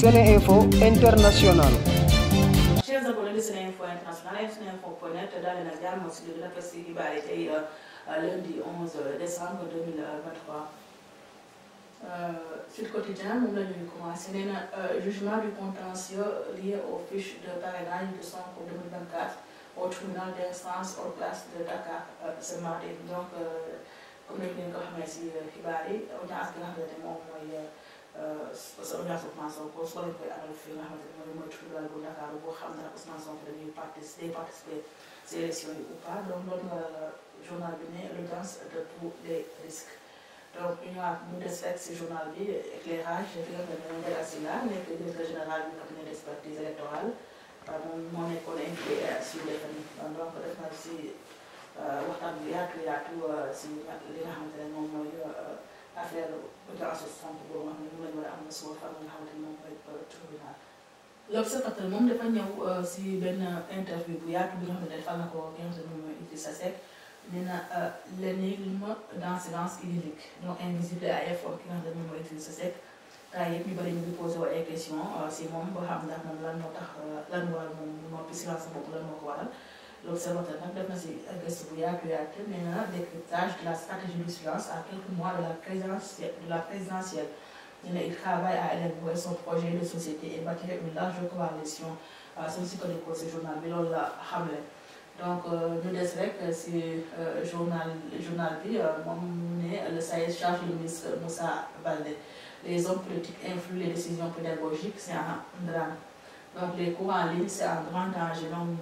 Seneinfo International. chers abonnés de Seneinfo International et Seneinfo.net daal na jàmm si li la fës si xibaar yi tey euh, euh, lundi 11 décembre 2023. Euh, Sud Quotidien moom la ñuy commencé nee na jugement du contentieux lié aux fiches de parrainage de Sonko 2024 au tribunal d'instance hors classe de Dakar ce mardi donc comme ni ngeen ko xamee si xibaar yi audience bi nga xamante ne moom mooy. Ousmane Sonko soo leen koy amal fii nga xamante ne mooy tribunal bu Dakar boo xam ne Ousmane Sonko dañuy participer participer ces élections yi ou pas donc loolu journal bi ne l'audience de tous les risques donc ñu ñëwaat mu des rek si journal bi éclairage fi nga xam ne moom Ndella Sylla nekk directeur général bu cabinet d'expertise électorale euh, moom moo nekkoon invité euh, sur les familles donc def na si euh, waxtaan bu yaatu yaatu si li nga xamante ne nga am na suma fan nga moom mooy euh, si benn interview bu yaatu bi nga xam ne defal na ko ki nga xam ne moom mooy Idrissa Seck nee na euh, l'énigme dans silence idyllique donc invisible à effort ki nga xam ne moom mooy Idrissa Seck kaa yëpp ñu bëri ñu ngi posé wu ay question euh, si moom ba xam ndax moom lan moo tax lan waral moom noppi silence boobu lan moo ko waral l'observateur nag def na si gëstu bu yaatu yaatu nee na décryptage de la stratégie a silence à quelques mois de la présidentielle de la présidentielle Il travaille à élaborer son projet de société et bâtir une large coalition su si ko si journal bi la xamle donc ñu des rek si journal journal bi euh, moom euh, charge le ministre Moussa Baldé les hommes politiques influent les décisions pédagogiques c'est en ligne c'est donc ñu nga xam ne moom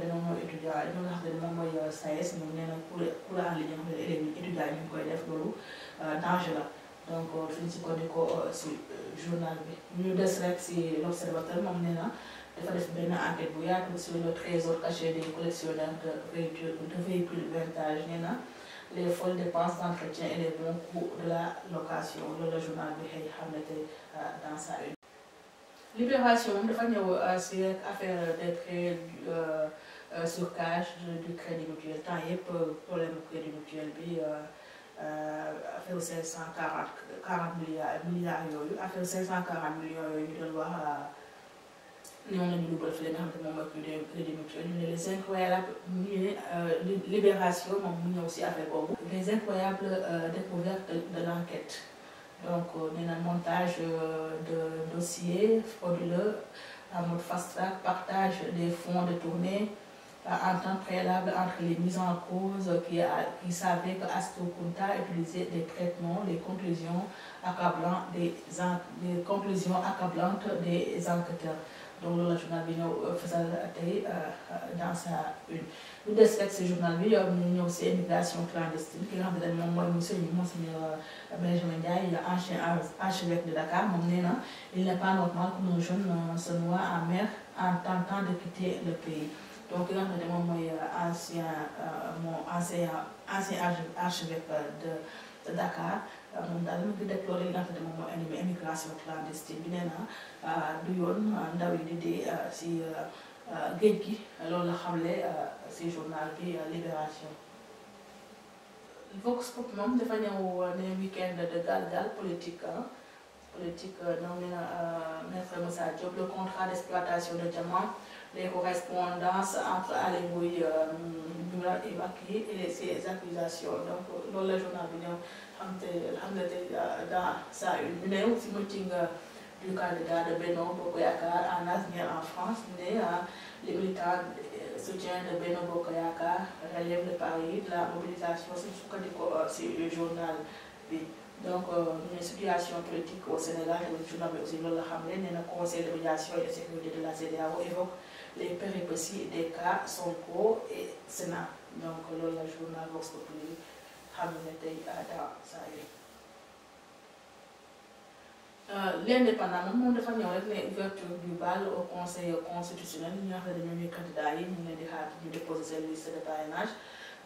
ne moom mooy SAES moom nee ne élèves yi étudiants ñu ngi koy def loolu danger la donc euh, fi ñu euh, euh, bi ñu des rek si l' observateur nee na dafa def benn enquête bu yaatu sur le trésor caché des collectionneurs de véhicules de véhicules vintage nee na les folles dépenses d' entretien et les de la location loolu la journal bi xëy xam ne te dans une. Libération dafa ñëw si rek affaire décret sur cage du crédit mutuel temps yëpp problème crédit mutuel bi. Euh, affaire cinq cent quarante quarante milliards milliards yooyu affaire cinq cent quarante millions yooyu ñu doon wax euh, ñoom la ñu dugal fële nga xam ne moom mooy crédit crédit mutuel ñu ne les incroyables ñu ne euh, libération moom mu ñëw si affaire boobu. les incroyables découvertes de l' enquête donc nee na de dossier frauduleux en mode fast track partage des fonds à euh, entente préalable entre les mises en cause qui, a, euh, qui savaient que Astou des traitements, des conclusions accablantes des, des conclusions accablantes des enquêteurs. donc loolu journal bi ñëw euh, fasal tey dans sa une lu des rek si journal bi ñu ñëw si immigration clandestine ki nga xam ne moom mooy monsieur monseigneur Benjamin Ndiaye ancien archevêque de Dakar moom nee na il n'est pas normal que nos jeunes se noient en mer en tentant de quitter le pays donc ki nga xam mooy ancien euh, moo ancien ancien archevêque de de Dakar euh, moom daal dama ngi déploré li nga xam ne mooy immigration clandestine bi nee euh, du yoon ndaw yi di dee si géej gi loolu la xamle si journal bi Libération. Vox Pop moom dafa ñëw ne weekend de galgal politique politique euh, nommé euh, Maître Moussa Diop le contrat d'exploitation de diamants les correspondances entre Aly Ngouille Ndoura euh, et Macky et ses donc loolu journal bi ñëw xam te xam dans sa une ñu ne si meeting du candidat de Benno Bokk Yaakaar en avenir en France ne les militants soutien de Benno Bokk Yaakaar relèvent le pari de la mobilisation si sukkandiku si journal. bi donc euh, ñu situation politique au Sénégal tamit journal la xam ne nee na conseil de médiation et de sécurité de la CEDEAO évoque les péripéties des cas Sonko et Sénat donc loolu la journal Vox Populi xam ne tey euh, dans saa yi. Euh, l'indépendant moom moom dafa ñëw rek ne ouverture du bal au conseil constitutionnel ñi nga xam ne yi ñu ngi leen di xaar ñu déposer de parrainage.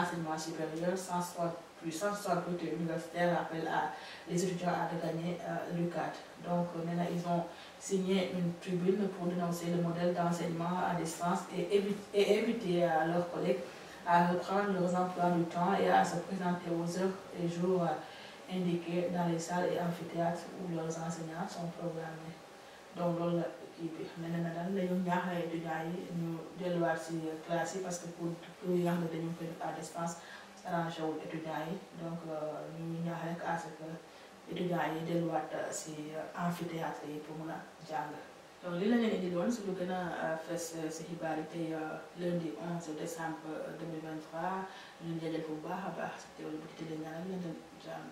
enseignement supérieur, 160 plus 160 côté universitaire, appel à les étudiants à regagner euh, le cadre. Donc euh, maintenant, ils ont signé une tribune pour dénoncer le modèle d'enseignement à distance et, éviter, et inviter euh, à reprendre leurs emplois du temps et à se présenter aux heures et jours euh, indiqués dans les salles et amphithéâtres où leurs enseignants sont programmés. Donc, kii bi nee na daal dañoo ñaaxal étudiants yi ñu delluwaat si classe yi parce que pour pour yi nga xam ne dañoo koy def étudiants yi donc euh, ñu ngi ñaax rek à ce que étudiants yi delluwaat euh, si euh, amphithéâtre yi pour mun a jàng. donc li la leen indi loon si lu gën a fes si xibaar yi tey lundi 11 décembre 2023 ñu ngi leen bu baax a baax si teewlu bi di leen ñaanal jàng.